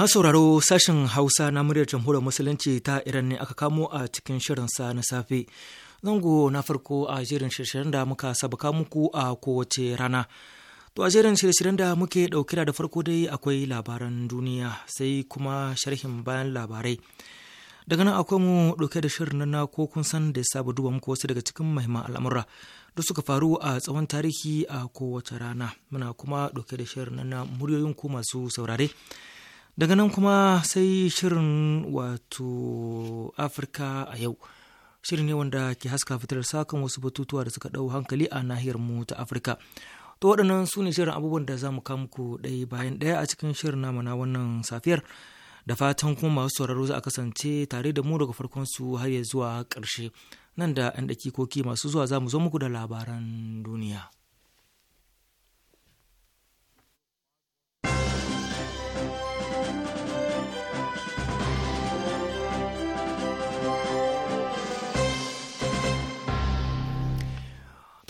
Masu sauraro sashen Hausa na muryar jamhuriyar Musulunci ta Iran ne aka kamo a cikin shirinsa na safe. Zango na farko a jerin shirye da muka sabaka muku a kowace rana. To a jerin shirye da muke ɗauke da farko dai akwai labaran duniya sai kuma sharhin bayan labarai. Daga nan akwai mu ɗauke da shirin na ko kun san da saba duba muku wasu daga cikin mahimman al'amura da suka faru a tsawon tarihi a kowace rana. Muna kuma ɗauke da shirin na muryoyin ku masu saurare. daga nan kuma sai shirin wato afirka a yau shirin ne wanda ke haska fitar sakan wasu batutuwa da suka ɗau hankali a nahiyar mu ta afirka to waɗannan su ne shirin abubuwan da za mu kawo muku ɗaya bayan ɗaya a cikin shirin namu na wannan safiyar da fatan kuma masu sauraro za a kasance tare da mu daga farkon su har ya zuwa ƙarshe nan da 'yan dakikoki masu zuwa za mu zo muku da labaran duniya.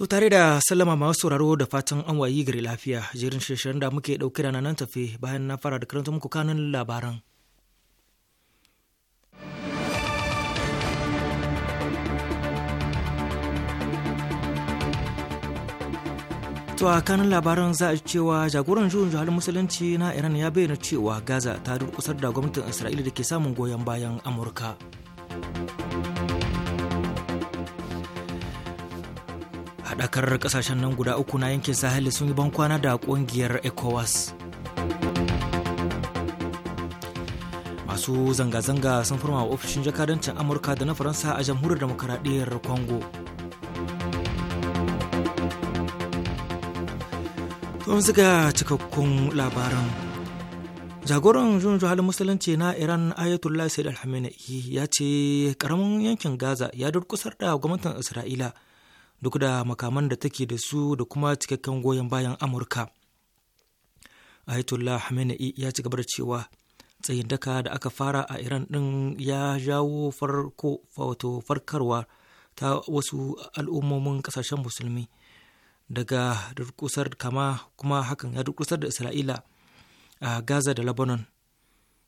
To tare da sallama masu sauraro da fatan an wayi gari lafiya jerin shirin da muke dauke da nan tafe bayan na fara da karanta muku kanun labaran. To a kanin labaran za a cewa jagoran juyin juhalin musulunci na Iran ya bayyana cewa Gaza ta durkusar da gwamnatin Isra'ila da ke samun goyon bayan Amurka. haɗakar ƙasashen nan guda uku na yankin sahel sun yi bankwana da ƙungiyar ecowas masu zanga-zanga sun firma wa ofishin jakadancin amurka da na faransa a jamhuriyar demokaradiyyar congo tun ziga cikakkun labaran jagoran jun halin musulunci na iran ayatollah said al ya ce karamin yankin gaza ya durkusar da gwamnatin isra'ila duk da makaman da take da su da kuma cikakken goyon bayan amurka ayatollah hamenei ya ci gaba da cewa tsayin daka da aka fara a iran din ya jawo farko wato farkarwa ta wasu al'ummomin kasashen musulmi daga durkusar kama kuma hakan ya durkusar da isra'ila a gaza da lebanon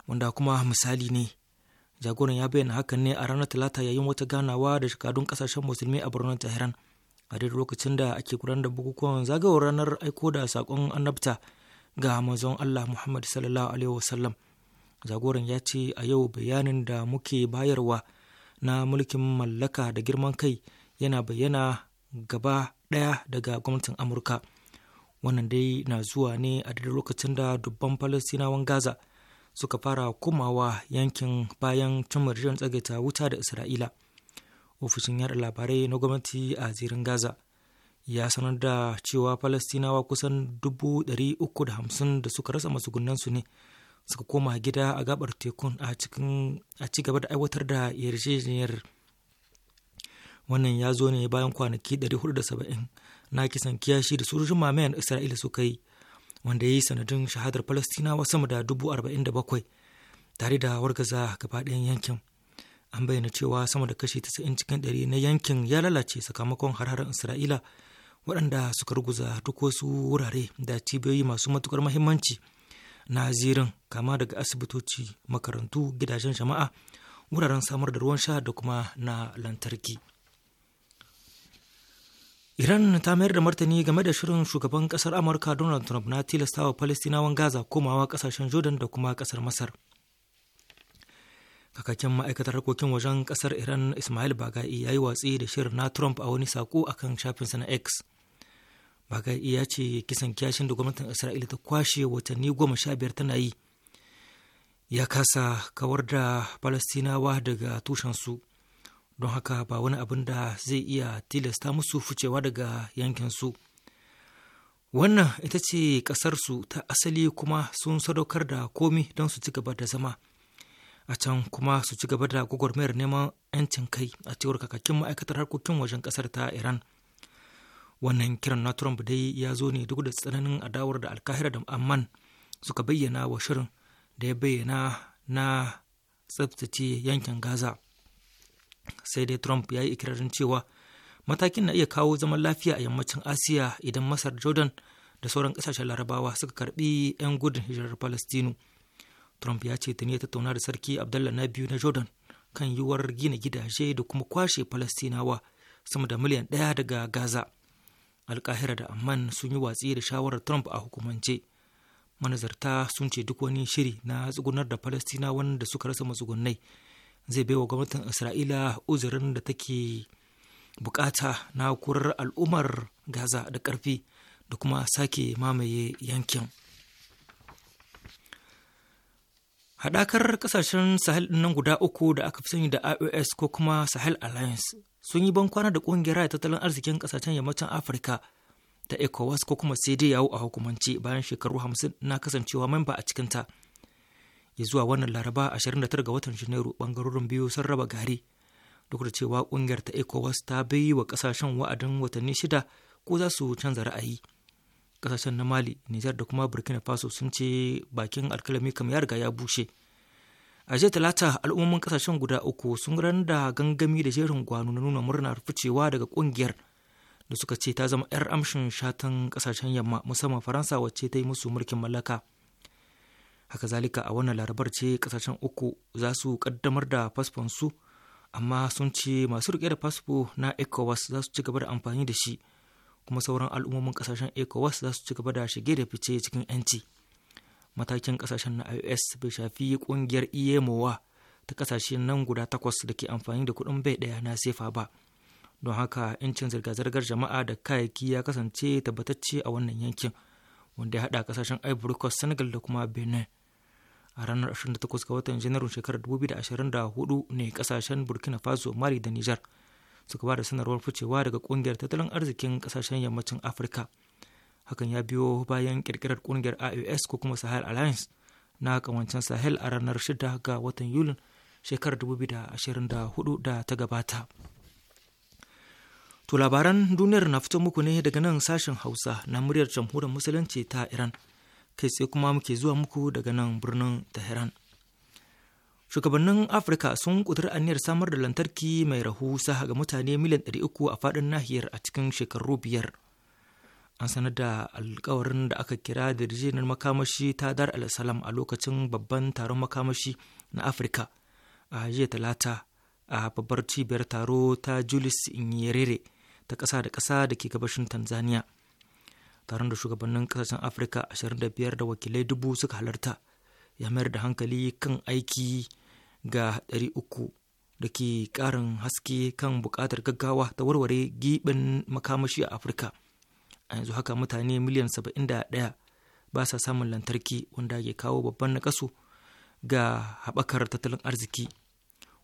wanda kuma misali ne jagoran ya bayyana hakan ne a ranar talata yayin wata ganawa da shekadun kasashen musulmi a birnin tehran a duk lokacin da ake gudanar da bukukuwan zagawar ranar aiko da saƙon annabta ga manzon Allah Muhammad sallallahu alaihi wasallam zagoran ya ce a yau bayanin da muke bayarwa na mulkin mallaka da girman kai yana bayyana gaba ɗaya daga gwamnatin Amurka wannan dai na zuwa ne a duk lokacin da dubban Falastinawan Gaza suka fara komawa yankin bayan cimma tsagaita wuta da Isra'ila. ofishin yada labarai na gwamnati a zirin gaza ya sanar da cewa falastinawa kusan 350 da suka rasa su ne suka koma gida a gabar tekun a ci gaba da aiwatar da yarjejeniyar wannan ya zo ne bayan kwanaki 470 na kisan kiyashi da sojojin mamayan isra'ila suka yi wanda ya yi sanadin shahadar falastinawa sama da bakwai tare da wargaza gabaɗayan yankin an bayyana cewa sama da kashi 90 cikin 100 na yankin ya lalace sakamakon harharar isra'ila waɗanda suka ruguza duk wasu wurare da cibiyoyi masu matukar mahimmanci na zirin kama daga asibitoci makarantu gidajen jama'a wuraren samar da ruwan sha da kuma na lantarki iran ta mayar da martani game da shirin shugaban kasar amurka donald trump na tilastawa palestinawan gaza komawa kasashen jordan da kuma kasar masar kakakin ma'aikatar harkokin wajen kasar iran ismail bagai ya yi watsi da shirin na trump a wani sako kan shafinsa na x bagai ya ce kisan kyashin da gwamnatin isra'ila ta kwashe watanni goma sha biyar tana yi ya kasa kawar da Falastinawa daga tushensu don haka ba wani abin da zai iya tilasta musu ficewa daga yankinsu wannan ita ce ƙasarsu ta asali kuma sun sadaukar da komi don su ci gaba da zama a can kuma su ci gaba da gwagwarmayar neman 'yancin kai a cewar kakakin ma'aikatar harkokin wajen kasar ta iran wannan kiran na trump dai ya zo ne duk da tsananin adawar da alkahira da amman suka bayyana wa shirin da ya bayyana na tsabtace yankin gaza sai dai trump ya yi ikirarin cewa matakin na iya kawo zaman lafiya a yammacin asiya idan masar jordan da sauran kasashen larabawa suka karbi 'yan gudun hijirar palestinu trump ya ce ta ne tattauna da sarki Abdalla na biyu na jordan kan yiwuwar gina gidaje da kuma kwashe falastinawa sama da miliyan ɗaya daga gaza alkahira da amman sun yi watsi da shawarar trump a hukumance manazarta sun ce duk wani shiri na tsugunar da falastinawan da suka rasa matsugunnai zai baiwa gwamnatin isra'ila uzurin da take bukata na kurar al'ummar gaza da ƙarfi da kuma sake mamaye yankin Haɗakar ƙasashen Sahel nan guda uku da aka fi sani da IOS ko kuma Sahel Alliance sun yi bankwana da ƙungiyar tattalin arzikin ƙasashen yammacin Afirka ta ECOWAS ko kuma yawo a hukumance bayan shekaru 50 na kasancewa memba a cikinta. Ya zuwa wannan Laraba 29 ga watan Janairu bangarorin biyu sun raba gari duk da cewa ƙungiyar ta ECOWAS ta bai wa ƙasashen wa'adin watanni shida ko za su canza ra'ayi. kasashen na mali nijar da kuma burkina faso sun ce bakin alkalami kam ya riga ya bushe a jiya talata al'ummomin kasashen guda uku sun ran da gangami da jerin gwano na nuna murnar ficewa daga kungiyar da suka ce ta zama 'yar amshin shatan kasashen yamma musamman faransa wacce ta yi musu mulkin mallaka haka zalika a wannan larabar ce kasashen uku za su kaddamar da fasfon su amma sun ce masu rike da fasfo na ecowas za su ci gaba da amfani da shi kuma sauran al'ummomin kasashen ecowas za su ci gaba da shige da fice cikin 'yanci matakin kasashen na ios bai shafi kungiyar iemowa ta kasashe nan guda takwas da ke amfani da kuɗin bai ɗaya na sefa ba don haka 'yancin zirga-zirgar jama'a da kayayyaki ya kasance tabbatacce a wannan yankin wanda ya haɗa kasashen ivory coast senegal da kuma benin a ranar 28 ga watan janairun shekarar 2024 ne kasashen burkina faso mali da nijar suka ba da sanarwar ficewa daga kungiyar tattalin arzikin kasashen yammacin afirka hakan ya biyo bayan kirkirar kungiyar ios ko kuma sahel alliance na kawancin sahel a ranar 6 ga watan yulin shekarar 2024 da ta gabata to labaran duniyar na fito muku ne daga nan sashen hausa na muryar jamhuriyar musulunci ta iran kai sai kuma muke zuwa muku daga nan birnin tehran shugabannin afirka sun ƙudiri aniyar samar da lantarki mai rahusa ga mutane miliyan 300 a faɗin nahiyar a cikin shekaru biyar an sanar da alkawarin da aka kira da rijinar makamashi ta dar al-salam a lokacin babban taron makamashi na afirka a jiya talata a babbar cibiyar taro ta julius nyerere ta ƙasa da ƙasa da ke gabashin tanzania taron da shugabannin kasashen afirka 25 da wakilai dubu suka halarta ya mayar da hankali kan aiki ga ɗari uku da ke ƙarin haske kan buƙatar gaggawa ta warware giɓin makamashi a afirka a yanzu haka mutane miliyan 71 ba sa samun lantarki wanda ke kawo babban nakasu ga haɓakar tattalin arziki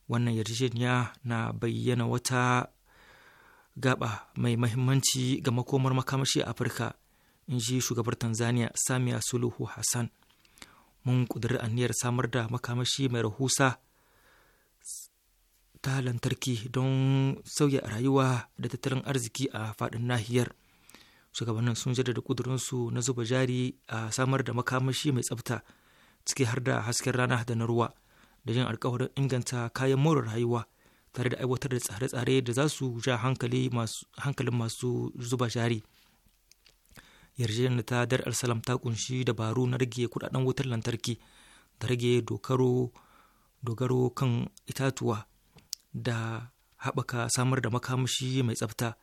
wannan yarjejeniya na bayyana wata gaba mai mahimmanci ga makomar makamashi a afirka in ji shugabar tanzania samia suluhu hassan mun ƙudiri aniyar samar da makamashi mai rahusa ta lantarki don sauya rayuwa da tattalin arziki a faɗin nahiyar shugabannin sun jaddada ƙudurinsu na zuba jari a samar da makamashi mai tsafta ciki har da hasken rana da na ruwa da yin alkawarin inganta kayan more rayuwa tare da aiwatar da tsare-tsare da za su ja hankalin masu zuba jari yarjejeniyar ta dar al-salam ta kunshi dabaru na rage kudaden wutar lantarki da rage dogaro kan itatuwa da haɓaka samar da makamashi mai tsafta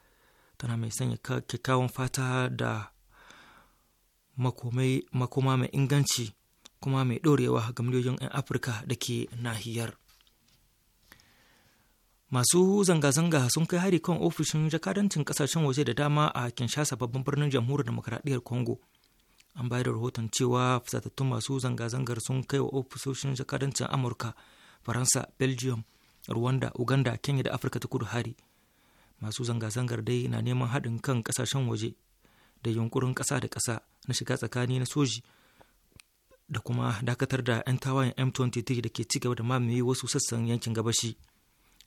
tana mai sanya kyakkyawan fata da makoma mai inganci kuma mai ɗorewa ga miliyoyin 'yan afirka da ke nahiyar masu zanga-zanga sun kai hari kan ofishin jakadancin kasashen waje da dama a kinshasa babban birnin jamhuriyar demokradiyyar congo an bayar da rahoton cewa fusatattun masu zanga-zangar sun kai wa ofisoshin jakadancin amurka faransa belgium rwanda uganda kenya da afirka ta kudu hari masu zanga-zangar dai na neman haɗin kan ƙasashen waje da yunkurin ƙasa da ƙasa na shiga tsakani na soji da kuma dakatar da 'yan tawayen m23 da ke ci gaba da mamaye wasu sassan yankin gabashi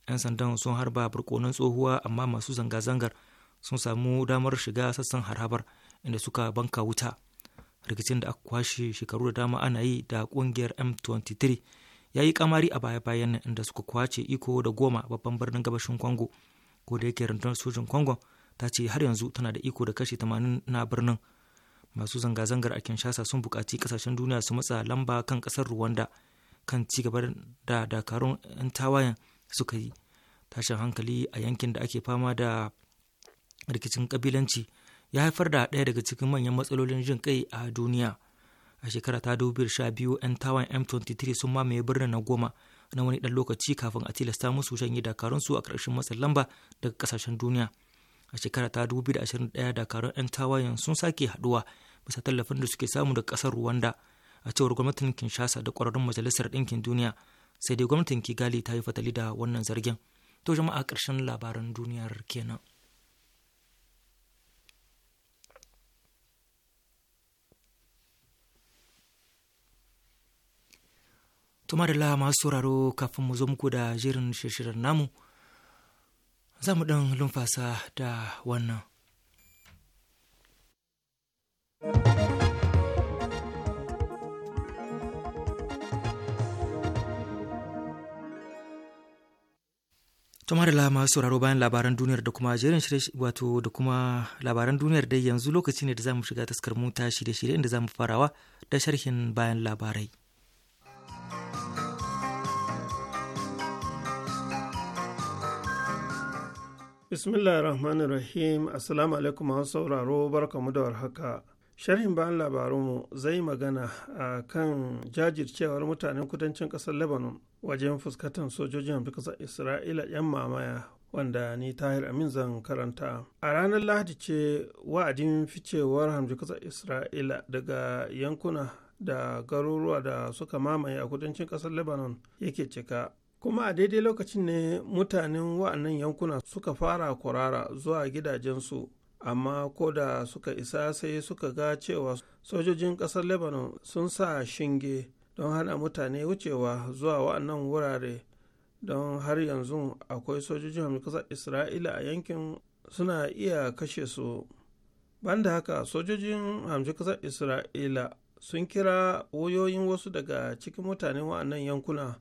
'yan sandan sun harba barkonon tsohuwa amma masu zanga-zangar sun samu damar shiga sassan harhabar inda suka banka wuta rikicin da aka kwashe shekaru da dama ana yi da ƙungiyar m23 ya yi kamari a baya-bayan nan inda suka kwace iko da goma babban birnin gabashin kongo Ko da yake rundunar sojin kongo ta ce har yanzu tana da iko da kashi tamanin na birnin. Masu zanga-zangar a Kinshasa sun bukaci kasashen duniya su matsa lamba kan ƙasar Rwanda kan ci gaba da dakarun 'yan tawayen suka yi. Tashin hankali a yankin da ake fama da rikicin kabilanci ya haifar da ɗaya daga cikin manyan matsalolin jin kai a duniya. a shekara ta 2012 'yan tawan m23 sun mamaye birnin na goma na wani ɗan lokaci kafin a tilasta musu shanye dakarunsu a ƙarshen matsin lamba daga kasashen duniya a shekara ta 2021 dakarun 'yan tawayen sun sake haɗuwa bisa tallafin da suke samu daga kasar rwanda a cewar gwamnatin kinshasa da ƙwararrun majalisar ɗinkin duniya sai dai gwamnatin kigali ta yi fatali da wannan zargin to jama'a ƙarshen labaran duniyar kenan Tuma da la masu sauraro kafin mu zo muku da jerin shirin namu za mu ɗan lumfasa da wannan. tumar da masu sauraro bayan labaran duniyar da kuma jerin wato da kuma labaran duniyar dai yanzu lokaci ne da za mu shiga taskar mu ta shirye-shirye inda mu farawa da sharhin bayan labarai. bismillah rahmanir rahim assalamu alaikum masu sauraro barkamu da warhaka sharhin bayan labarunmu zai magana a kan jajircewar mutanen kudancin ƙasar lebanon wajen fuskantar sojojin kasar isra'ila yan mamaya wanda ni tahir amin zan karanta a ranar lahadi ce wa'adin ficewar hamji kasar isra'ila daga yankuna da garuruwa da suka mamaye a kudancin ƙasar lebanon yake cika kuma a daidai lokacin ne mutanen wa'annan yankuna suka fara kwarara zuwa gidajensu amma ko da suka isa sai suka ga cewa sojojin ƙasar lebanon sun sa shinge don hana mutane wucewa zuwa wa'annan wurare don har yanzu akwai sojojin ƙasar isra'ila a yankin suna iya kashe su banda haka sojojin hamshin kasar isra'ila sun kira wayoyin wasu daga cikin mutanen wa'annan yankuna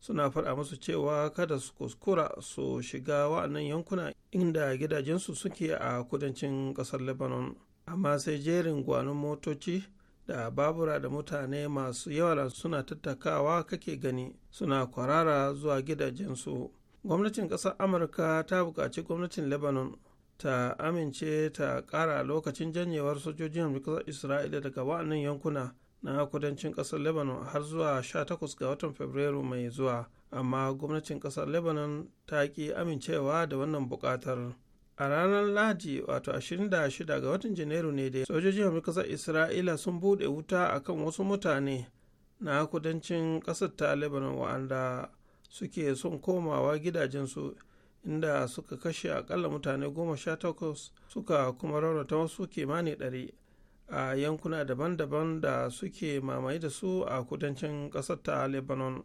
suna faɗa musu cewa kada su kuskura su shiga wa'annan yankuna inda gidajensu suke a kudancin ƙasar lebanon amma sai jerin gwanon motoci da babura da mutane masu yawa suna tattakawa kake gani suna kwarara zuwa gidajensu gwamnatin ƙasar amurka ta buƙaci gwamnatin lebanon ta amince ta ƙara lokacin janyewar sojojin ƙasar isra'ila daga wa'annan yankuna na kudancin kasar lebanon har zuwa 18 ga watan fabrairu mai zuwa amma gwamnatin kasar lebanon ta ki amincewa da wannan bukatar a ranar lahadi wato 26 ga watan janairu ne da sojojin kasar isra'ila sun bude wuta akan wasu mutane na kudancin ƙasar ta lebanon wa'anda suke son komawa gidajensu inda suka kashe akalla mutane goma sha takwas suka kuma raunata wasu kimanin ɗari a yankuna daban-daban da suke mamaye da su a kudancin ƙasar ta lebanon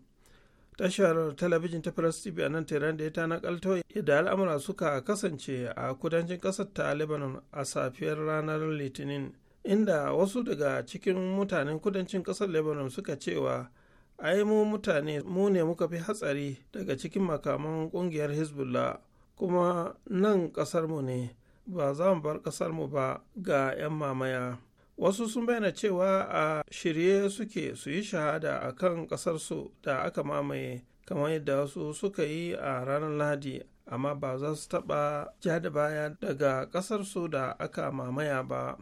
tashar talabijin ta press tv a nan tehran da ya ta nakalto yadda al'amura suka kasance a kudancin ƙasar ta lebanon a safiyar ranar litinin inda wasu daga cikin mutanen kudancin ƙasar lebanon suka cewa ai mu mutane mu ne muka fi hatsari daga cikin makaman ƙungiyar hezbollah kuma nan ƙasarmu ne ba za mu bar ƙasarmu ba ga 'yan mamaya wasu sun bayyana cewa a shirye suke su yi shahada a kan ƙasarsu da aka mamaye kamar yadda wasu suka yi a ranar lahadi amma ba za su taɓa ja da baya daga ƙasarsu da aka mamaya ba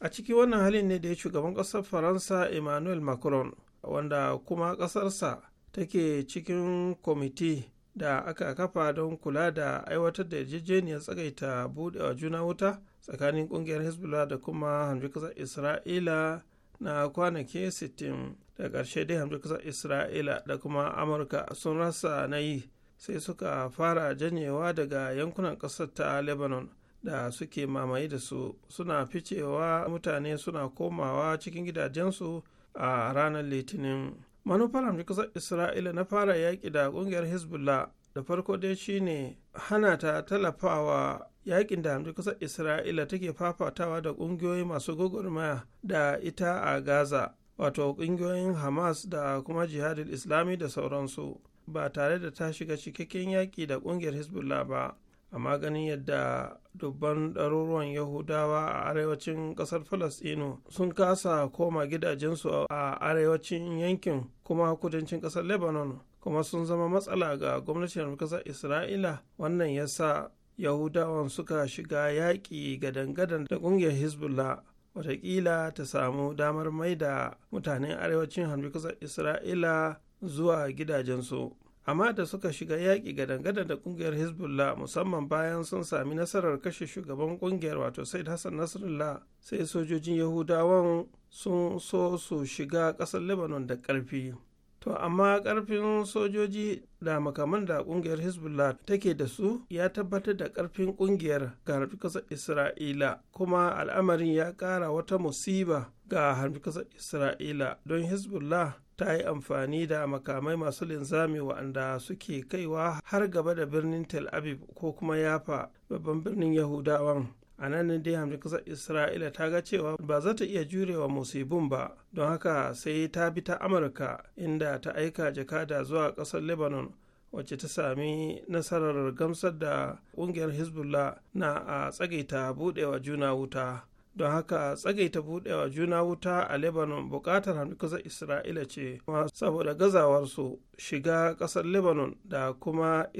a ciki wannan halin ne da ya shugaban ƙasar faransa emmanuel macron wanda kuma ƙasarsa take cikin kwamiti da aka kafa don kula da aiwatar da yarjejeniyar tsagaita buɗewa juna wuta tsakanin kungiyar hezbollah da kuma hamjikasar isra'ila na kwanaki 60 da ƙarshe dai hamjikasar isra'ila da kuma amurka sun rasa na yi sai suka fara janyewa daga yankunan ƙasar ta lebanon da suke mamaye da su suna ficewa mutane suna komawa cikin gidajensu a ranar litinin manufar Kasar isra'ila na fara yaƙi da ƙungiyar hezbollah da farko dai shine hana ta talafawa yakin da hamdi kasar isra'ila take fafatawa da ƙungiyoyi masu gwagwarmaya da ita a gaza wato ƙungiyoyin hamas da kuma jihadin islami da sauransu ba tare da ta shiga cikakken yaki da ƙungiyar hezbollah ba amma ganin yadda dubban ɗaruruwan yahudawa a arewacin ƙasar falasɗinu sun kasa koma gidajensu a arewacin yankin kuma kudancin ƙasar lebanon kuma sun zama matsala ga gwamnatin ƙasar isra'ila wannan ya sa yahudawan suka shiga yaƙi ga dangadan da ƙungiyar hezbollah watakila ta samu damar mai da mutanen arewacin hamdukasar isra'ila zuwa gidajensu amma da suka shiga yaƙi ga dangadan da ƙungiyar hezbollah musamman bayan sun sami nasarar kashe shugaban ƙungiyar wato said hassan nasrullah sai sojojin yahudawan sun so su shiga ƙasar lebanon da ƙarfi to amma ƙarfin sojoji da makaman da ƙungiyar hezbollah take da su ya tabbatar da ƙarfin ƙungiyar ga harfi kasar isra'ila kuma al'amarin ya ƙara wata musiba ga harfi kasar isra'ila don hezbollah ta yi amfani da makamai masu linzami wa'anda suke kaiwa har gaba da birnin tel aviv ko kuma yafa babban birnin yahudawan a nan ne dai hamdi kasar isra'ila ta ga cewa ba za ta iya jurewa musibin ba don haka sai ta bi ta amurka inda ta aika jakada zuwa kasar lebanon wacce ta sami nasarar gamsar da kungiyar hezbollah na a tsagaita budewa juna wuta don haka tsagaita budewa juna wuta a lebanon bukatar kasar isra'ila ce saboda gazawarsu shiga kasar lebanon da kuma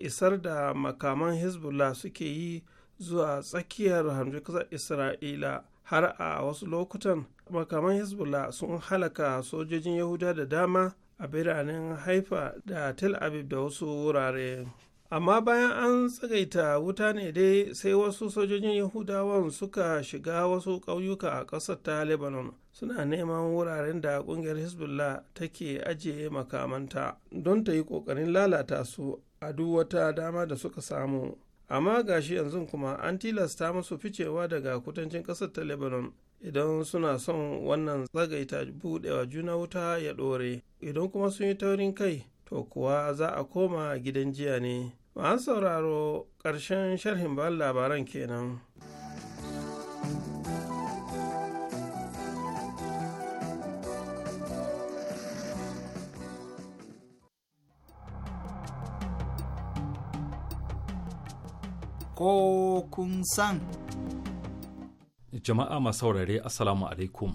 isar da makaman hezbollah suke yi zuwa tsakiyar hamjikasar isra'ila har a wasu lokutan makaman hezbollah sun halaka sojojin yahuda da dama a biranen haifa da tel aviv da wasu wurare amma bayan an tsagaita wuta ne dai sai wasu sojojin yahudawan suka shiga wasu ƙauyuka a ƙasar ta lebanon suna neman wuraren da ƙungiyar hezbollah take ajiye makamanta don ta yi ƙoƙarin lalata su a duk wata dama da suka samu amma gashi yanzu kuma an tilasta masu ficewa daga kudancin ƙasar ta lebanon idan suna son wannan tsagaita buɗewa juna wuta ya ɗore idan kuma sun yi taurin kai to kuwa za a koma gidan jiya ne an sauraro karshen sharhin bayan labaran kenan. ko kun san. Jama'a masu saurare Assalamu alaikum.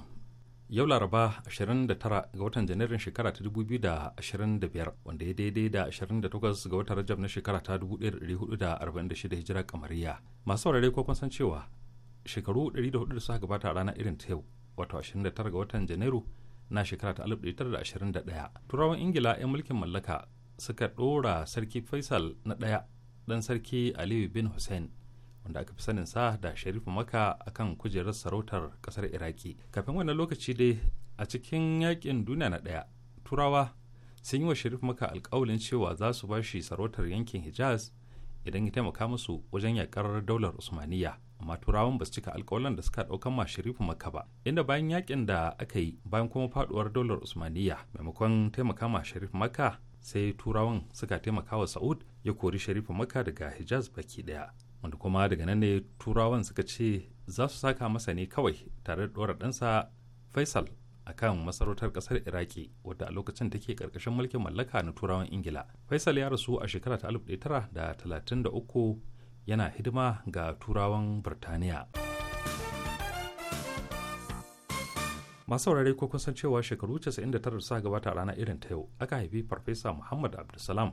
Yau Laraba 29 ga watan Janairun shekara ta 2025 wanda ya daidai da 28 ga watan Rajab na shekara ta 1446 hijira kamariya. Masu saurare ko kun san cewa shekaru 104 da suka gabata a ranar irin ta yau wato 29 ga watan Janairu na shekara ta 1921. Turawan Ingila 'yan mulkin mallaka suka ɗora Sarki Faisal na ɗaya ɗan sarki aliyu bin hussein wanda aka fi sanin sa da sharifu maka akan kujerar sarautar ƙasar iraki kafin wannan lokaci dai a cikin yakin duniya na ɗaya turawa sun yi wa sharif maka alkawalin cewa za su ba sarautar yankin hijaz idan ya taimaka musu wajen yakar daular usmaniyya amma turawan ba su cika alkawalan da suka daukan ma sharifu makka ba inda bayan yakin da aka yi bayan kuma faduwar daular usmaniya maimakon taimaka ma sharif makka sai turawan suka taimaka wa sa'ud ya kori sharifin maka daga hijaz baki daya wanda kuma daga nan ne turawan suka ce za su saka masa ne kawai tare da ɗora ɗansa faisal a kan masarautar ƙasar iraki wadda a lokacin take ƙarƙashin mulkin mallaka na turawan ingila faisal ya rasu a shekara ta da 1933 yana hidima ga turawan birtaniya masu saurare ko kun san cewa shekaru 99 suka gabata a rana irin ta yau aka haifi farfesa muhammad abdulsalam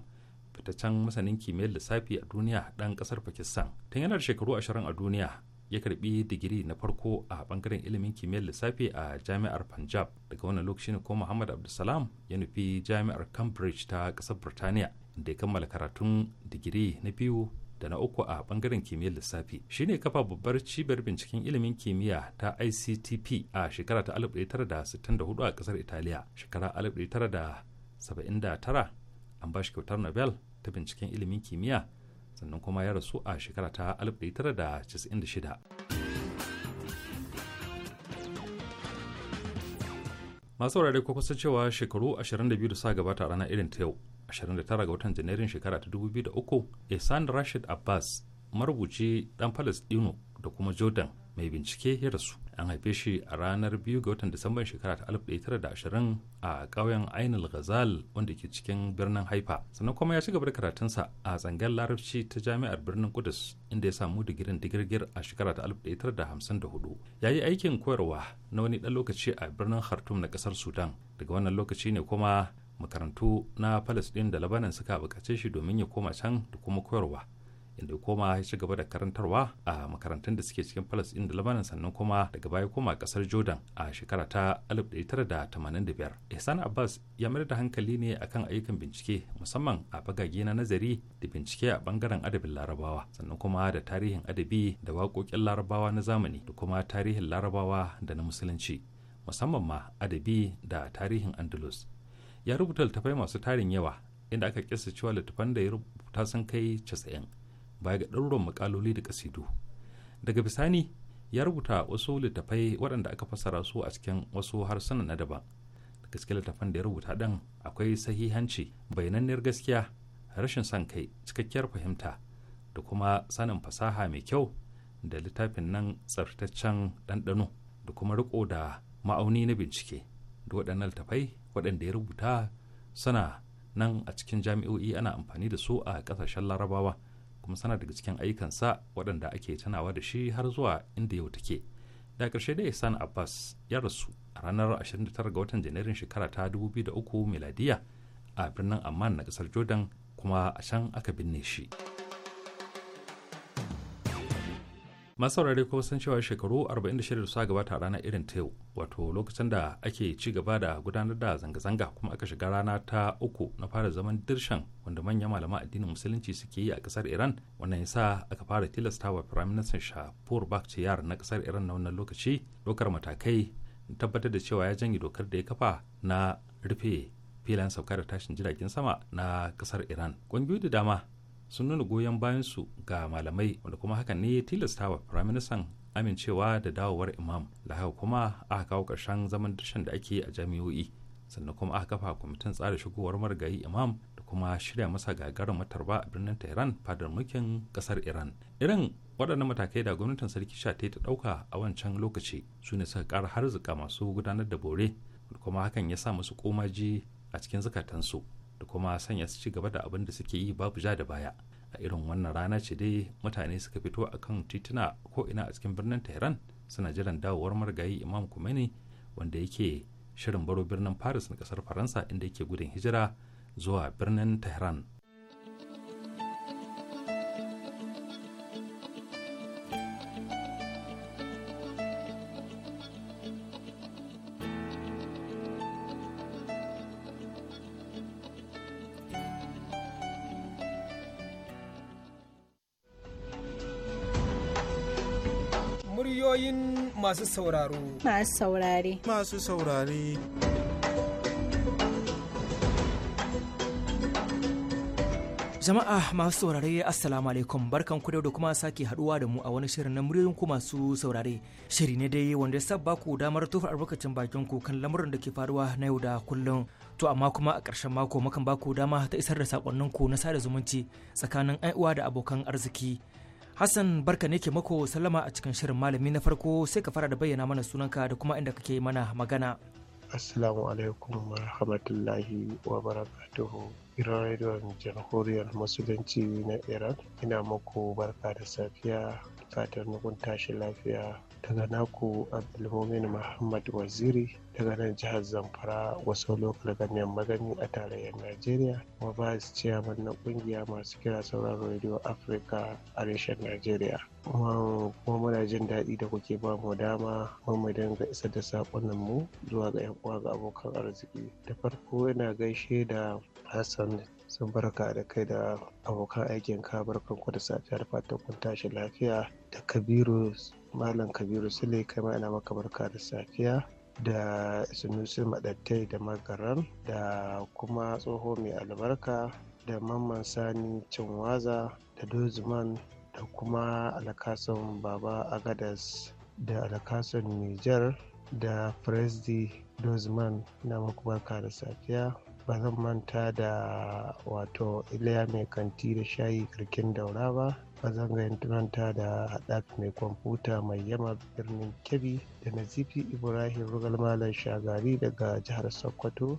fitaccen masanin kimiyyar lissafi a duniya dan kasar pakistan tun yana da shekaru 20 a duniya ya karbi digiri na farko a bangaren ilimin kimiyyar lissafi a jami'ar punjab daga wannan lokaci ne ko muhammad abdulsalam ya nufi jami'ar cambridge ta kasar birtaniya da ya kammala karatun digiri na biyu da na uku a bangaren kimiyyar lissafi shine kafa babbar cibiyar binciken ilimin kimiyya ta ICTP a shekara ta 1964 a kasar Italiya shekara 1979 an ba shi kyautar Nobel ta binciken ilimin kimiyya sannan kuma ya rasu a shekara ta 1996 masu wurare ko cewa shekaru 22 da sa gabata a ranar irin ta yau 29 ga watan janairun shekara ta 2003 ihsan rashid abbas marubuci dan palestino da kuma jordan mai bincike ya rasu an haife shi a ranar 2 ga watan disamban shekara ta 1920 a ƙauyen ainul ghazal wanda ke cikin birnin haifa sannan kuma ya ci gaba da karatunsa a zangar larabci ta jami'ar birnin kudus inda ya samu digirin digirgir a shekara ta 1954 ya yi aikin koyarwa na wani ɗan lokaci a birnin khartoum na ƙasar sudan daga wannan lokaci ne kuma makarantu na palestine da labanan suka bukace shi domin ya koma can da kuma koyarwa inda ya koma ya ci gaba da karantarwa a makarantun da suke cikin palestine da labanan sannan kuma daga baya koma kasar jordan a shekara ta 1985 ihsan abbas ya mayar da hankali ne akan ayyukan bincike musamman a fagage na nazari da bincike a bangaren adabin larabawa sannan kuma da tarihin adabi da waƙoƙin larabawa na zamani da kuma tarihin larabawa da na musulunci musamman ma adabi da tarihin andalus ya rubuta littafai masu tarin yawa inda aka kisa cewa littafan da ya rubuta sun kai casa'in baya ga ɗaruruwan makaloli da kasidu daga bisani ya rubuta wasu littafai waɗanda aka fassara su a cikin wasu harsuna na daban gaske littafan da ya rubuta ɗin akwai sahihanci bayananniyar gaskiya rashin son kai cikakkiyar fahimta da kuma sanin fasaha mai kyau da littafin nan tsaftaccen ɗanɗano da kuma riko da ma'auni na bincike da waɗannan littafai waɗanda ya rubuta suna nan a cikin jami'o'i ana amfani da su a ƙasashen larabawa kuma sana daga cikin ayyukansa waɗanda ake tanawa da shi har zuwa inda yau take da ƙarshe da ihsan abbas ya rasu a ranar 29 ga watan janairun shekara ta 2003 miladiya a birnin amman na ƙasar jordan kuma a can aka binne shi. masaurare kuma san cewa shekaru 46 da suka gabata a ranar irin ta yau wato lokacin da ake ci gaba da gudanar da zanga-zanga kuma aka shiga rana ta uku na fara zaman dirshan wanda manyan malama addinin musulunci suke yi a kasar iran wannan yasa aka fara tilasta wa firaministan shapur bakhtiyar na kasar iran na wannan lokaci dokar matakai tabbatar da cewa ya janye dokar da ya kafa na rufe filayen sauka da tashin jiragen sama na kasar iran ƙungiyoyi da dama sun nuna goyon bayansu ga malamai wanda kuma hakan ne ya tilasta wa firaministan amincewa da dawowar imam lahau kuma aka kawo karshen zaman dashen da ake a jami'o'i sannan kuma aka kafa kwamitin tsara shigowar marigayi imam da kuma shirya masa gagarin matarba a birnin tehran fadar mulkin kasar iran irin waɗannan matakai da gwamnatin sarki sha ta ɗauka a wancan lokaci su ne suka ƙara harzuka masu gudanar da bore kuma hakan ya sa musu komaji a cikin zukatansu da kuma sanya su ci gaba da abin da suke yi babu ja da baya a irin wannan rana ce dai mutane suka fito a kan tituna ko ina a cikin birnin tehran suna jiran dawowar marigayi imam kumeni wanda yake shirin baro birnin paris na kasar faransa inda yake gudun hijira zuwa birnin tehran masu sauraro. Masu saurare. Masu saurare. Jama'a masu saurare Assalamu alaikum barkan ku da kuma sake haduwa da mu a wani shirin na muryoyin ku masu saurare. Shiri ne dai wanda ya ba ku damar tofa albarkacin bakin ku kan lamurin da ke faruwa na yau da kullum. To amma kuma a ƙarshen mako mukan ba ku dama ta isar da sakonnin ku na sada zumunci tsakanin uwa da abokan arziki. Hassan barka ne ke mako sallama a cikin shirin malami na farko sai ka fara da bayyana mana sunanka da kuma inda kake mana magana. Assalamu alaikum wa rahmatullahi wa barakatuhu. Iran Radio Jamhuriyar Musulunci na Iran ina mako barka da safiya fatar nukun tashi lafiya daga naku Abdulmumin Muhammad Waziri daga nan jihar zamfara wasu lokal ganyen magani a tarayyar najeriya kuma vice chairman na kungiya masu kira sauran radio africa a reshen najeriya kuma muna jin daɗi da kuke ba mu dama mu dinga isar da saƙonnan mu zuwa ga 'yan uwa ga abokan arziki da farko ina gaishe da hassan sun barka da kai da abokan aikin ka barkanku da safiyar fatan kun tashi lafiya da kabiru malam kabiru sule kai ma ina maka barka da safiya da sunusi maɗattai da magaran da kuma tsoho mai albarka da mamman sani cinwaza da dozman da kuma alakasan baba agadas da alakasan niger da presdi dozman na makubarka da safiya ba zan manta da wato iliya mai kanti da shayi karkin daura ba ba zan tunanta da haɗaf mai kwamfuta mai yama birnin kebbi da nazifi ibrahim Rugalmalam malam shagari daga jihar sokoto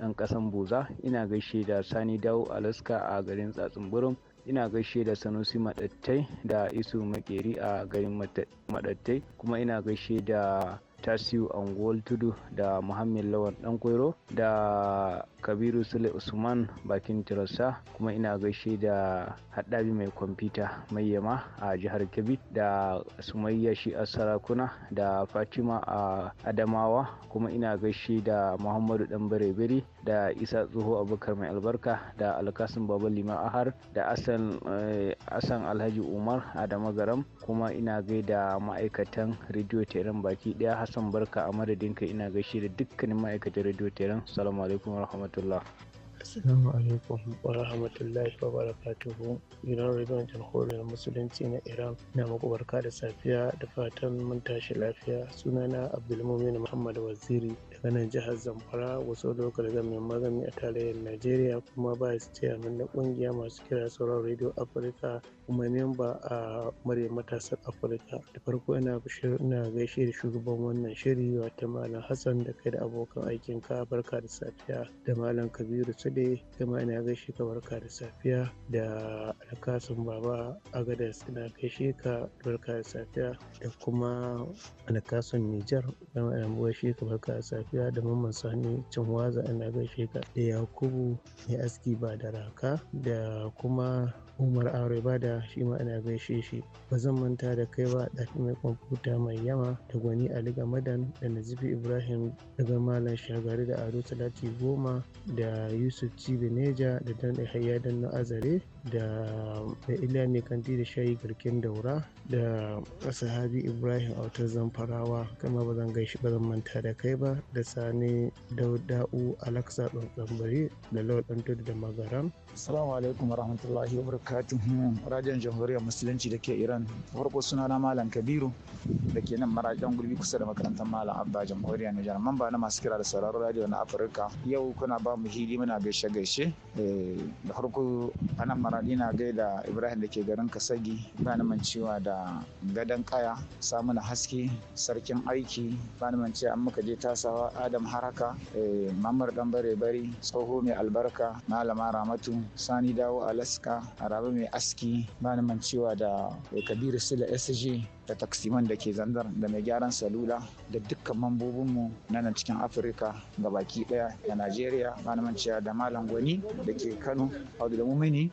ɗan ƙasan Buza, ina gaishe da Sani Dawo Alaska a garin Tsatsunburum, ina gaishe da Sanusi Maɗattai da Isu Makeri a garin Maɗattai, kuma ina gaishe da Tasiu Angol Tudu da Muhammed Lawan kwairo da kabiru sule usman bakin tirasa kuma ina gaishe da haɗabi mai kwamfuta mai yama a jihar kebbi da sumayya shi a sarakuna da fatima a adamawa kuma ina gaishe da muhammadu dan bare da isa tsoho abubakar mai albarka da alkasin baba lima ahar da asan eh, alhaji umar adama garam kuma ina gai da ma'aikatan rediyo teran baki daya hassan barka a madadinka ina gaishe da dukkanin ma'aikatan rediyo teran salamu alaikum warahmatullahi la Assalamu alaikum wa rahmatullahi wa barakatuhu. Gidan rediyon jamhuriyar musulunci na Iran na muku barka da safiya da fatan mun tashi lafiya. Sunana Abdulmumin Muhammad Waziri daga nan jihar Zamfara wasu lokal gamin magani a tarayyar Najeriya kuma ba su ce amin na kungiya masu kira sauran rediyo africa kuma memba a murya matasan africa Da farko ina ina gaishe da shugaban wannan shiri wata Malam Hassan da kai da abokan aikinka barka da safiya da Malam Kabiru dai zama ina gaishe ka barka da safiya da alkasun baba agadas ina gaishe ka barka da safiya da kuma alkasun Nijar kuma ina gaishe ka barka da safiya da mamman sani waza ina gaishe ka da Yakubu mai aski ba da raka da kuma Umar da shi ma ina gaishe shi. Ba zan manta da kai ba ɗafi mai kwamfuta mai yama da gwani Ali Gamadan da Nazifi Ibrahim daga Malam Shagari da Ado Talati Goma da Yusuf neja da Dan Yahaya Dan na Azare da da mai kanti da shayi garkin daura da sahabi ibrahim autar zamfarawa kama ba zan gaishe ba zan manta da kai ba da sani dauda'u alaksa tsambari da lawal tudu da magaram Assalamu alaikum warahmatullahi wabarakatuh. Radiyon Jamhuriyar Musulunci da ke Iran. Farko suna na Malam Kabiru da ke nan marajan gurbi kusa da makarantar Malam Abba Jamhuriyar Nijar. Mamba na masu kira da sauraron radiyo na Afirka. Yau kuna ba mu hili muna gaishe gaishe. Eh, da farko anan ma. maradi na da ibrahim da ke garin kasagi bani mancewa da gadon kaya samuna haske sarkin aiki bani ce an muka je tasawa adam haraka eh, mamar dan bare bari tsoho mai albarka malama ramatu sani dawo alaska arabe mai aski bani mancewa da eh, kabiru sila sg da taksiman da ke zanzar da mai gyaran salula da dukkan mambobinmu na nan cikin afirka ga baki daya da najeriya malamanciya da malam gwani da ke kano audu da mumini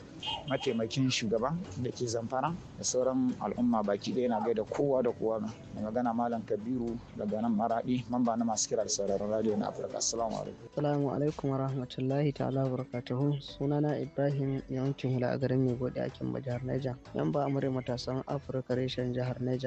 mataimakin shugaban da ke zamfara da sauran al'umma baki daya na gaida kowa da kowa da magana malam kabiru daga nan maradi mamba na masu kira da sauraron radio na afirka assalamu alaikum assalamu alaikum warahmatullahi ta'ala barakatuhu sunana ibrahim yawancin hula a garin mai gode akin jihar niger yan ba amurai matasan afirka reshen jihar niger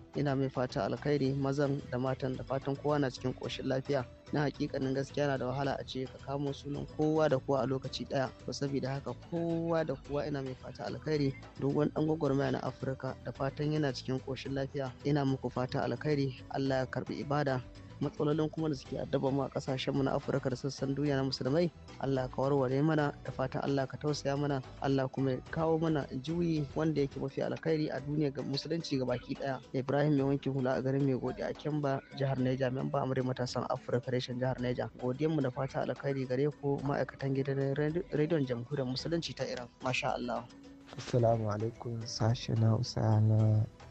ina mai fata alkhairi mazan da matan da fatan kowa na cikin koshin lafiya na hakikanin gaskiya na da wahala a ce ka kamo sunan kowa da kowa a lokaci daya to saboda haka kowa da kowa ina mai fata alkhairi duk wani dan gwagwarmaya na afirka da fatan yana cikin koshin lafiya ina muku fata alkhairi allah ya karbi ibada matsalolin kuma da suke addaba mu a kasashen mu na Afirka da sassan duniya na musulmai Allah ka warware mana da fatan Allah ka tausaya mana Allah kuma ya kawo mana juyi wanda yake mafi alkhairi a duniya ga musulunci ga baki daya Ibrahim mai wanki hula a garin mai godiya a Kemba jihar Neja memba amurai matasan Afirka reshen jihar Neja godiyan mu da fata alkhairi gare ku ma'aikatan gidan rediyon jamhuriyar musulunci ta Iran masha Allah Assalamu alaikum sashen usa na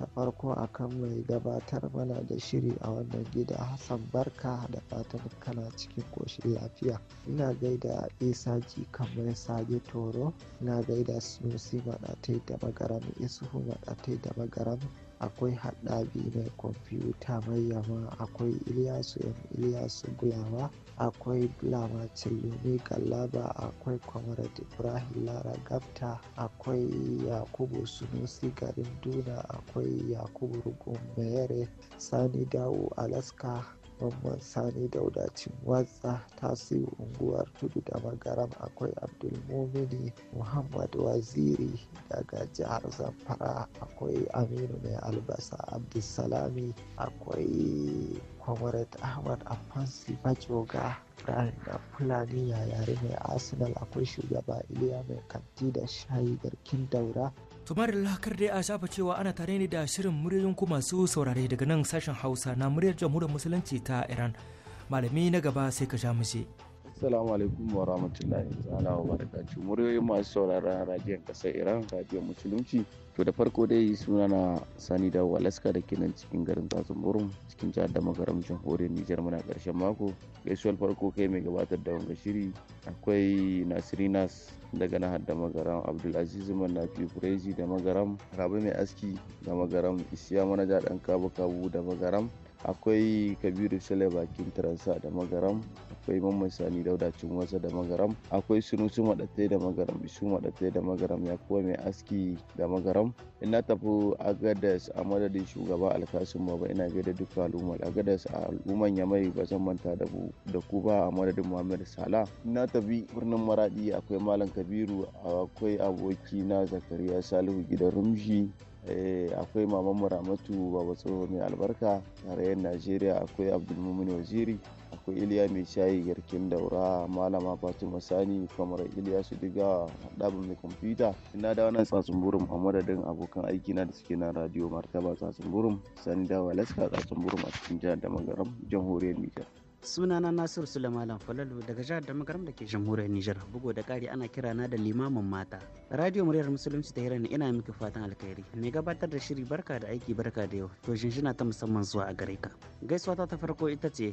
ta farko akan mai gabatar mana da shiri a wannan gida hassan barka da fatan kana cikin koshin lafiya ina gaida isa ji kamar sage toro ina gaida sunusi maɗatai da magaram isuhu maɗatai da magaram akwai haɗabi mai kwamfuta mai yama akwai iliyasu yan iliyasu gulawa akwai Lamartine Lume Galaba akwai Comrade Ibrahim Lara gabta akwai Yakubu Sunusi garin Duna akwai Yakubu Rugun Mayere Sani Dawo Alaska Mamman Sani Daudacin Watsa tasiri Unguwar Tudu da Magaram akwai Abdulmumini Muhammad Waziri daga jihar Zamfara akwai Aminu Mai Albasa Abdulsalami akwai favorite ahmad afansi bajoga brian da fulani yare mai arsenal akwai shugaba iliya mai kanti da shayi garkin daura tumar lakar dai a shafa cewa ana tare ne da shirin muryoyin ku masu saurare daga nan sashen hausa na muryar jamhuriyar musulunci ta iran malami na gaba sai ka sha mushe. Assalamu alaikum wa rahmatullahi wa barakatuh. Muryoyin masu sauraron radiyon kasar Iran, radiyon musulunci to da farko dai suna na sani da walaska da ke cikin garin tsatsun burin cikin jihar da makaram jamhuriyar nijar muna karshen mako gaisuwar farko kai mai gabatar da wanga shiri akwai nasirinas daga nahar da magaram abdulaziz manafi kurezi da magaram rabu mai aski da magaram isiya manaja dan kabu kabu da magaram akwai kabiru sale bakin taransa da magaram akwai mamman sani dauda wasa da magaram akwai sunusu maɗatai da magaram isu maɗatai da magaram ya kuwa mai aski da magaram ina tafi agadas a madadin shugaba alkasun baba ina gaida duka al'umma agadas a al'umman mai ba zan manta da ku ba a madadin muhammad sala ina tafi birnin maradi akwai malam kabiru akwai aboki na zakariya salihu gidan rumshi eh, akwai maman muramatu baba tsoho mai albarka tarayyar najeriya akwai abdulmumin waziri iliya mai shayi garkin daura malama fatima sani kamar su diga ɗabin mai kwamfuta ina da wannan tsatsun burin a madadin abokan aiki na da suke na radio martaba tsatsun burin sani da walaska tsatsun burin a cikin jihar da magaram jamhuriyar nijar sunana nasiru sulaiman falalu daga jihar damagaram da ke jamhuriyar nijar bugu da kari ana kira na da limamin mata radio muryar musulunci ta hirani ina miki fatan alkhairi mai gabatar da shiri barka da aiki barka da yau to shinshina ta musamman zuwa a gare ka gaisuwa ta farko ita ce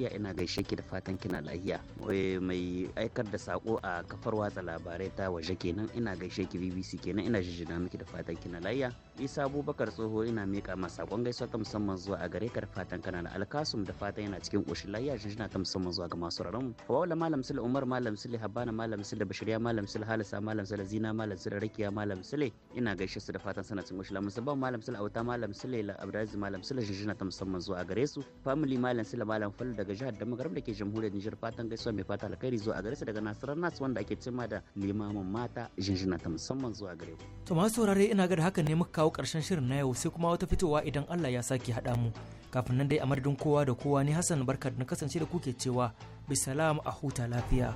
lahiya ina gaishe ki da fatan kina lahiya mai aikar da sako a kafar watsa labarai ta waje kenan ina gaishe ki BBC kenan ina jijjina miki da fatan kina lahiya Isa Abubakar tsoho ina mika ma sakon gaisuwa ta musamman zuwa a gare ka da fatan kana da alkasum da fatan yana cikin koshin lahiya jijjina ta musamman zuwa ga masu raron Hawala Malam Sule Umar Malam Sule Habana Malam Sule Bashiriya Malam Sule Halisa Malam Sule Zina Malam Sule Rakiya Malam Sule ina gaishe su da fatan sana cikin koshin lahiya musamman Malam Sule Auta Malam Sule Abdulaziz Malam Sule jijjina ta musamman zuwa gare su family Malam Sule Malam fal daga daga jihar da magaram da ke jamhuriyar Nijar fatan gaisuwa mai fata alkhairi zuwa gare su daga Nasarar Nasu wanda ake cima da limamin mata jinjina ta musamman zuwa gare ku. To masu saurare ina ga da haka ne muka kawo karshen shirin na yau sai kuma wata fitowa idan Allah ya sake haɗa mu. Kafin nan dai a madadin kowa da kowa ne Hassan barka na kasance da kuke cewa bisalam a huta lafiya.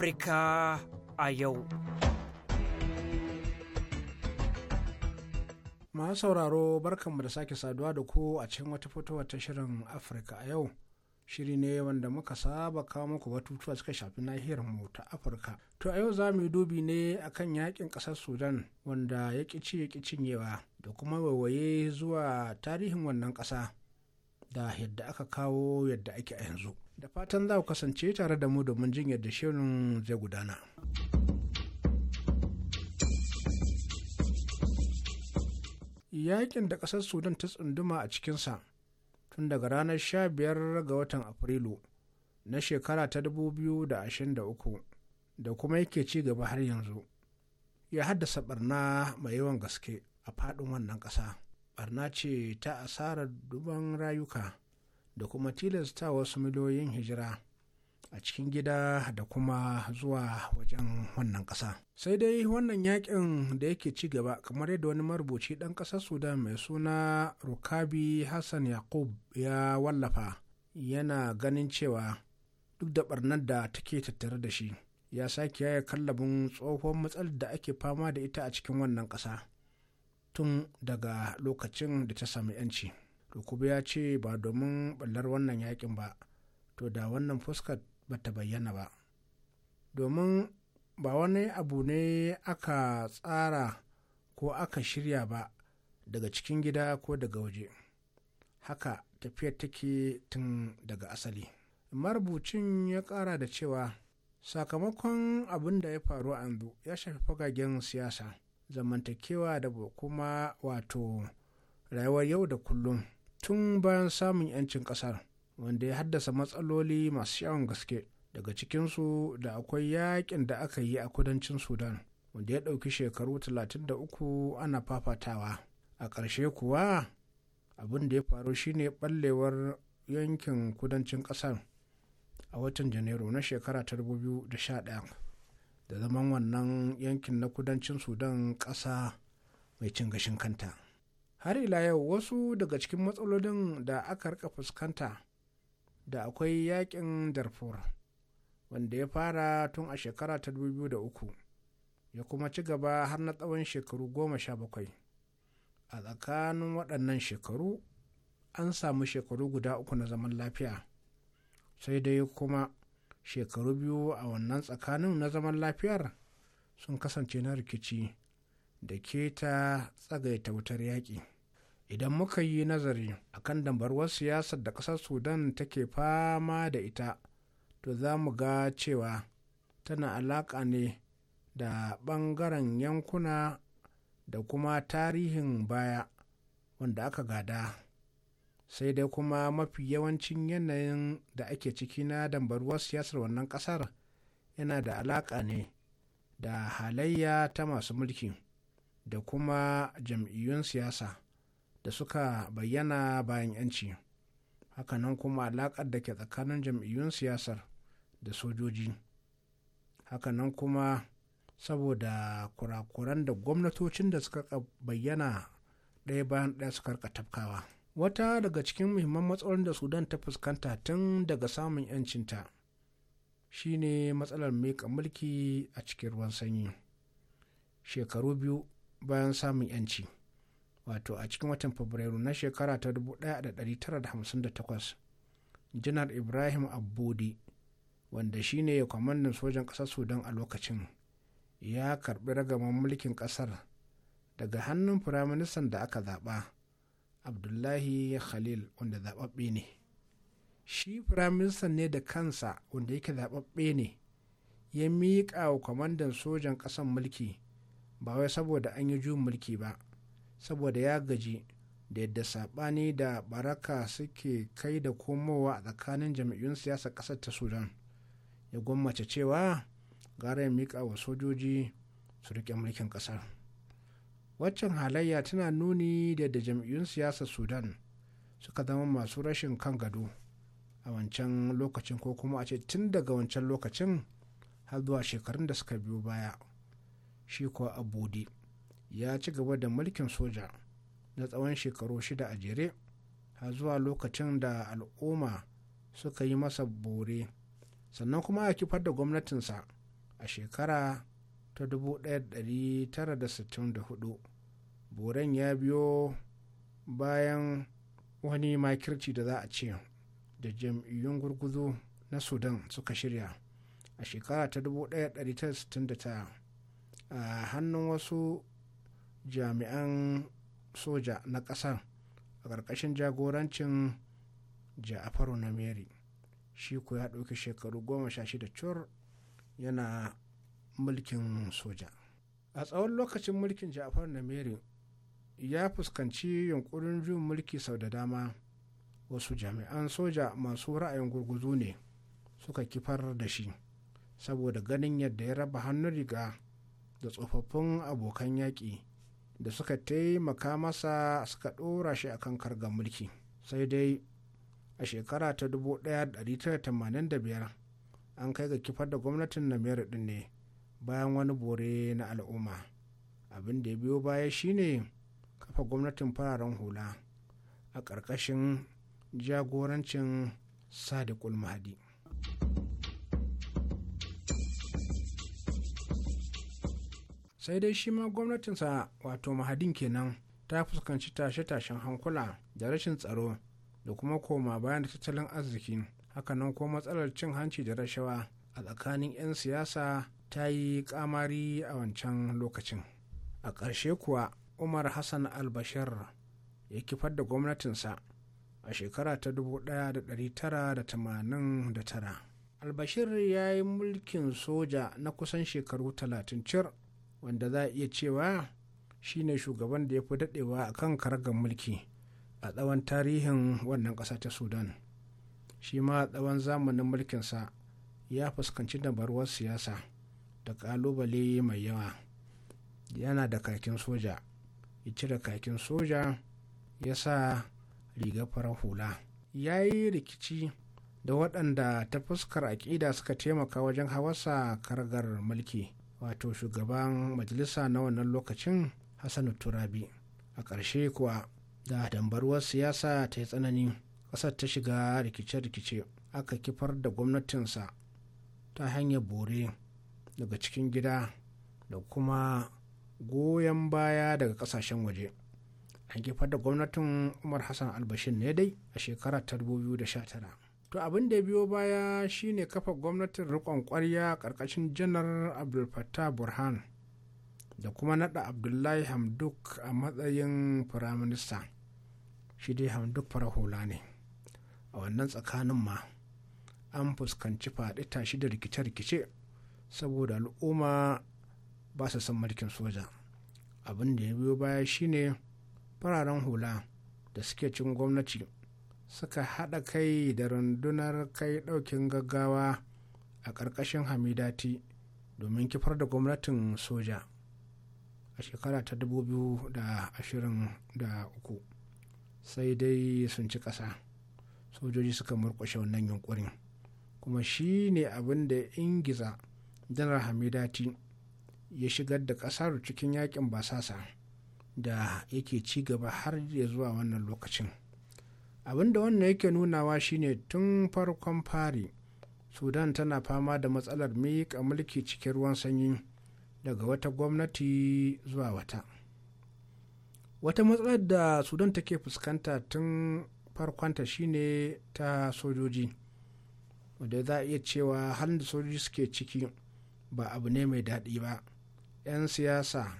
Afirka a yau. Masu sauraro barkanmu da sake saduwa da ku a cikin wata fitowar ta shirin Afirka a yau. Shiri ne wanda muka saba kawo muku batutuwa suka shafi nahiyar mu ta Afirka. To a yau za mu yi dubi ne akan yakin ƙasar Sudan wanda ya ƙici ya cinyewa da kuma waiwaye zuwa tarihin wannan ƙasa da yadda aka kawo yadda ake a yanzu. da fatan za ku kasance tare da mu domin jin yadda shirin zai gudana. Yaƙin da ƙasar Sudan ta tsunduma a cikinsa tun daga ranar sha biyar ga watan Afrilu na shekara ta 2023 da kuma yake ci gaba har yanzu ya haddasa barna mai yawan gaske a faɗin wannan ƙasa. Barna ce ta asarar duban rayuka da kuma tilasta wasu miliyoyin hijira a cikin gida da kuma zuwa wajen wannan ƙasa. Sai dai wannan yakin da yake ci gaba kamar yadda wani marubuci ɗan ƙasar Sudan mai suna Rukabi Hassan Yakub ya wallafa yana ganin cewa duk da ɓarnar da take tattare da shi ya sake yaya kallabin tsohon matsalar da ake fama da ita a cikin wannan ƙasa tun daga lokacin da ta sami 'yanci. rukubu ya ce ba domin ɓallar wannan yakin ba to da wannan fuskar ba ta bayyana ba domin ba wani abu ne aka tsara ko aka shirya ba daga cikin gida ko daga waje haka tafiyar take tun daga asali marubucin ya ƙara da cewa sakamakon abin da ya faru a yanzu ya shafi fagagen siyasa zamantakewa da kuma wato rayuwar yau da kullum tun bayan samun 'yancin ƙasar wanda ya haddasa matsaloli masu yawan gaske daga cikinsu da akwai yakin da aka yi a kudancin sudan wanda ya ɗauki shekaru 33 ana fafatawa a ƙarshe kuwa abin da ya faru shine ɓallewar yankin kudancin ƙasar a watan janairu na shekara ta 2011 da zaman wannan yankin na kudancin sudan ƙasa mai cin gashin kanta. har ila yau wasu daga cikin matsalolin da aka rika fuskanta da akwai yakin darfur wanda ya fara tun a shekara ta 2003 ya kuma ci gaba har na tsawon shekaru goma sha bakwai a tsakanin waɗannan shekaru an samu shekaru guda uku na zaman lafiya sai dai kuma shekaru biyu a wannan tsakanin na zaman lafiyar sun kasance na rikici da keta tsagaita wutar yaƙi idan muka yi nazari a kan dambarwar siyasar da ƙasar sudan take fama da ita to za mu ga cewa tana alaƙa ne da ɓangaren yankuna da kuma tarihin baya wanda aka gada sai dai kuma mafi yawancin yanayin da ake ciki na dambarwar siyasar wannan ƙasar yana da alaƙa ne da halayya ta masu mulki da kuma jam'iyyun siyasa. da suka bayyana bayan 'yanci hakanan kuma alaƙar da ke tsakanin jam'iyyun siyasar da sojoji hakanan kuma saboda kurakuran da gwamnatocin da suka bayyana ɗaya bayan ɗaya suka rika tafkawa wata daga cikin muhimman matsalolin da sudan ta fuskanta tun daga samun 'yancinta shine matsalar miƙa mulki a cikin ruwan sanyi shekaru biyu bayan samun 'yanci. wato a cikin watan fabrairu na shekara ta 1958 janar ibrahim abbodi wanda shine kwamandan sojan ƙasar sudan a lokacin ya karɓi ragaman mulkin ƙasar daga hannun firaministan da aka zaɓa abdullahi khalil wanda zaɓaɓɓe ne shi firaministan ne da kansa wanda yake zaɓaɓɓe ne ya miƙa wa kwamandan sojan ƙasan mulki ba wai saboda an yi juyin mulki ba saboda ya gaji da yadda saɓani da baraka suke kai da komowa a tsakanin jam'iyyun siyasar ƙasar ta sudan ya gwammace cewa gara ya miƙa wa sojoji su riƙe mulkin ƙasar waccan halayya tana nuni da yadda jam'iyyun siyasar sudan suka zama masu rashin kan gado a wancan lokacin ko kuma a ce tun daga wancan lokacin har zuwa shekarun da suka biyo baya shi kuwa abudi ya ci gaba da mulkin soja na tsawon shekaru shida a jere har zuwa lokacin da al'umma suka yi masa bore sannan kuma ya kifar da gwamnatinsa a shekara ta 1964 boren ya biyo bayan wani makirci da za a ce da jam'iyyun gurguzu na sudan suka shirya a shekara ta 1969 a hannun wasu jami'an soja na ƙasar a ƙarƙashin jagorancin ja'afaru na meri shi ko ya ɗauki shekaru goma sha shida cur yana mulkin soja a tsawon lokacin mulkin ja'afaru na meri ya fuskanci yunkurin juyin mulki sau da dama wasu jami'an soja masu ra'ayin gurguzu ne suka kifar da shi saboda ganin yadda ya raba hannun riga da tsofaffin abokan yaƙi da suka taimaka masa suka ɗora shi akan karga mulki sai dai a shekara ta 1985 an kai ga kifar da gwamnatin na din ne bayan wani bore na al'umma abin da ya biyo baya shine kafa gwamnatin fararen hula a ƙarƙashin jagorancin sadiqul mahadi. sai dai shi ma gwamnatinsa wato mahadin kenan ta fuskanci tashe-tashen hankula da rashin tsaro da kuma koma bayan tattalin arziki hakanan ko matsalar cin hanci da rashawa a tsakanin 'yan siyasa ta yi kamari a wancan lokacin a ƙarshe kuwa umar hassan albashir ya kifar da gwamnatinsa a shekara ta 1989 albashir ya yi mulkin soja na kusan shekaru 30 cir wanda za a iya cewa shine shugaban da ya fi daɗewa a kan karagar mulki a tsawon tarihin wannan ƙasa ta sudan shi ma tsawon zamanin mulkinsa ya fuskanci dabaruwar siyasa da ƙalubale mai yawa yana da kakin soja ya cire kakin soja ya sa rigar farar hula ya yi rikici da waɗanda ta fuskar aƙida suka taimaka wajen hawasa kargar mulki wato shugaban majalisa na wannan lokacin hassanu turabi a ƙarshe kuwa da dambaruwar siyasa ta yi tsanani ƙasar ta shiga rikice-rikice aka kifar da gwamnatinsa ta hanyar bore daga cikin gida da kuma goyon baya daga ƙasashen waje an kifar da gwamnatin umar hassan albashin ne dai a shekarar 2019 to abin da biyo baya shine kafa gwamnatin rikon kwarya karkashin janar abdul burhan da kuma nada abdullahi hamduk a matsayin firaminista shi dai hamduk hula ne a wannan tsakanin ma an fuskanci faɗi tashi da rikice-rikice saboda al'umma ba su san mulkin soja abin da ya biyo baya shine fararen hula da suke cin gwamnati suka haɗa kai da rundunar kai ɗaukin gaggawa a ƙarƙashin hamidati domin kifar da gwamnatin soja a shekara ta dubu da ashirin uku, sai dai sun ci ƙasa sojoji suka murƙushe wannan yunkurin kuma shi ne abin da ingiza janar hamidati ya shigar da ƙasar cikin yakin basasa da yake ci gaba har ya zuwa wannan lokacin abinda wannan yake nunawa shine tun farkon fari sudan tana fama da matsalar miƙa mulki cikin ruwan sanyi daga wata gwamnati zuwa wata wata matsalar da sudan take fuskanta tun farkonta shine ta sojoji wadda za a iya cewa halin da sojoji suke ciki ba abu ne mai daɗi ba 'yan siyasa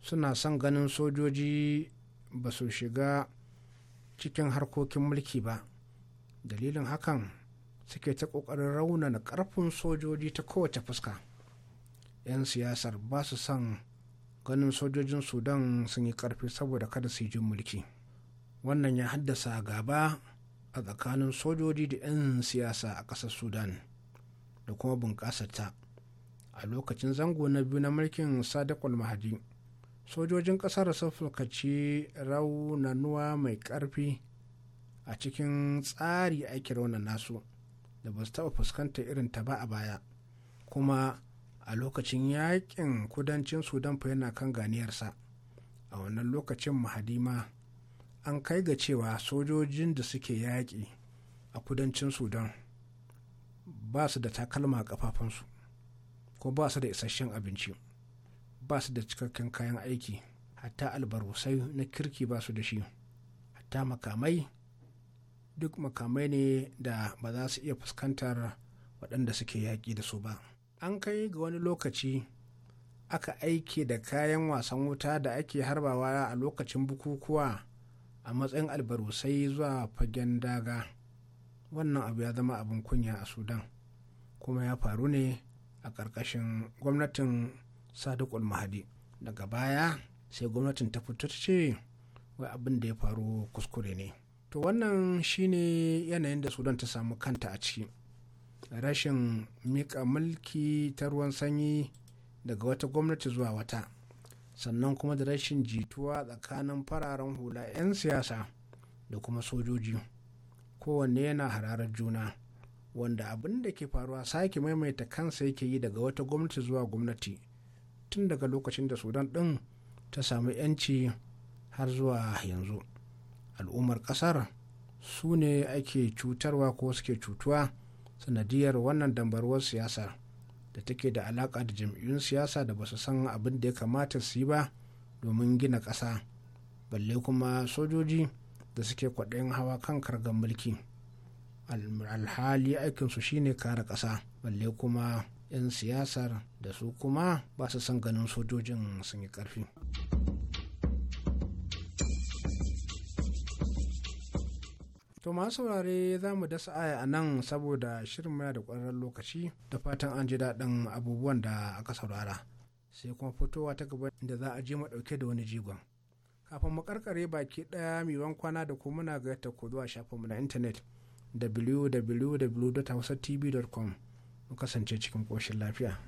suna son ganin sojoji ba su shiga cikin harkokin mulki ba dalilin hakan suke ta ƙoƙarin raunana ƙarfin sojoji ta kowace fuska 'yan siyasar ba su son ganin sojojin sudan sun yi ƙarfi saboda kada su yi jin mulki wannan ya haddasa gaba a tsakanin sojoji da 'yan siyasa a ƙasar sudan da kuma bunƙasar ta a lokacin zango na biyu na mulkin sadiq mahadi sojojin kasar sun fulkaci raunanuwa mai ƙarfi a cikin tsari ake rauna nasu da ba su taɓa fuskanta irin ta ba a baya kuma a lokacin yakin kudancin sudan fa yana kan ganiyarsa a wannan lokacin mahadima an kai ga cewa sojojin da suke yaƙi a kudancin sudan ba su da takalma a ƙafafunsu ko ba su da isasshen abinci ba su da cikakken kayan aiki hatta albarusai na kirki ba su da shi hatta makamai duk makamai ne da ba za su iya fuskantar waɗanda suke yaƙi da su ba an kai ga wani lokaci aka aiki da kayan wasan wuta da ake harbawa a lokacin bukukuwa a matsayin albarusai zuwa fagen daga wannan abu ya zama abin kunya a sudan kuma ya faru ne a ƙarƙashin gwamnatin sadiq mahadi daga baya sai gwamnatin ta fito ta ce wai abin da ya faru kuskure ne to wannan shine yanayin da sudan ta samu kanta a ciki rashin mika mulki ta ruwan sanyi daga wata gwamnati zuwa wata sannan kuma da rashin jituwa tsakanin fararen hula 'yan siyasa da kuma sojoji kowanne yana hararar juna wanda abin da ke faruwa sake maimaita kansa yake yi daga wata gwamnati zuwa gwamnati tun daga lokacin da sudan ɗin ta samu 'yanci har zuwa yanzu al'ummar ƙasar su ne ake cutarwa ko suke cutuwa sanadiyar wannan dambarwar siyasa da take da alaƙa da jam'iyyun siyasa da ba su san abin da ya kamata su yi ba domin gina ƙasa balle kuma sojoji da suke kwaɗayin hawa kan kargan mulki alhali aikinsu shine kare ƙasa balle kuma 'yan siyasar da su kuma ba su son ganin sojojin sun yi karfi To masu saurare za mu dasa aya a nan saboda shirin da ƙwararren lokaci da fatan an ji daɗin abubuwan da aka saurara. Sai kuma fitowa ta gaba da za a je mu ɗauke da wani jigon. Kafin mu karkare baki ɗaya miwan kwana da kuma muna gayyata ku zuwa shafinmu na intanet www.hausatv.com mu kasance cikin ƙoshin lafiya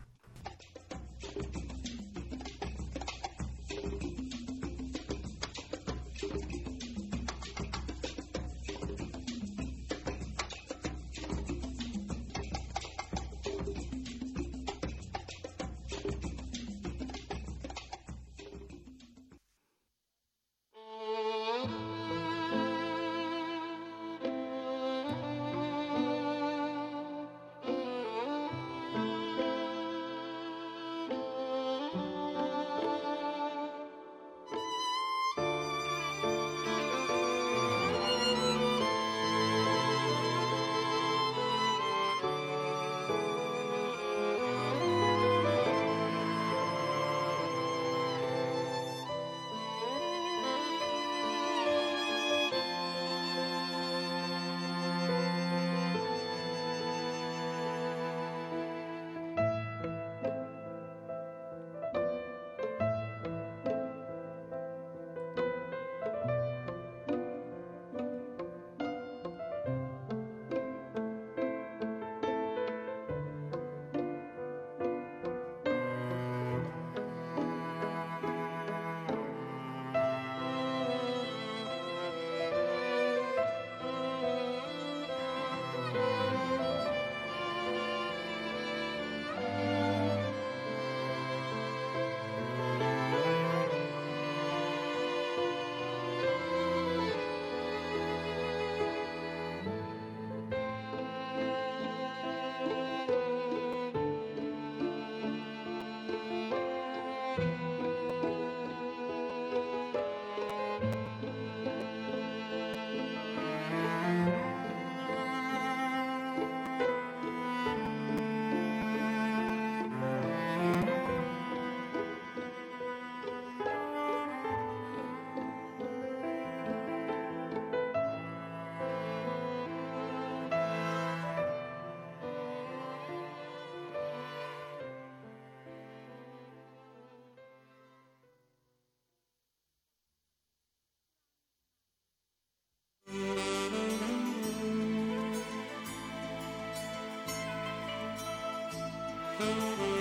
Thank you.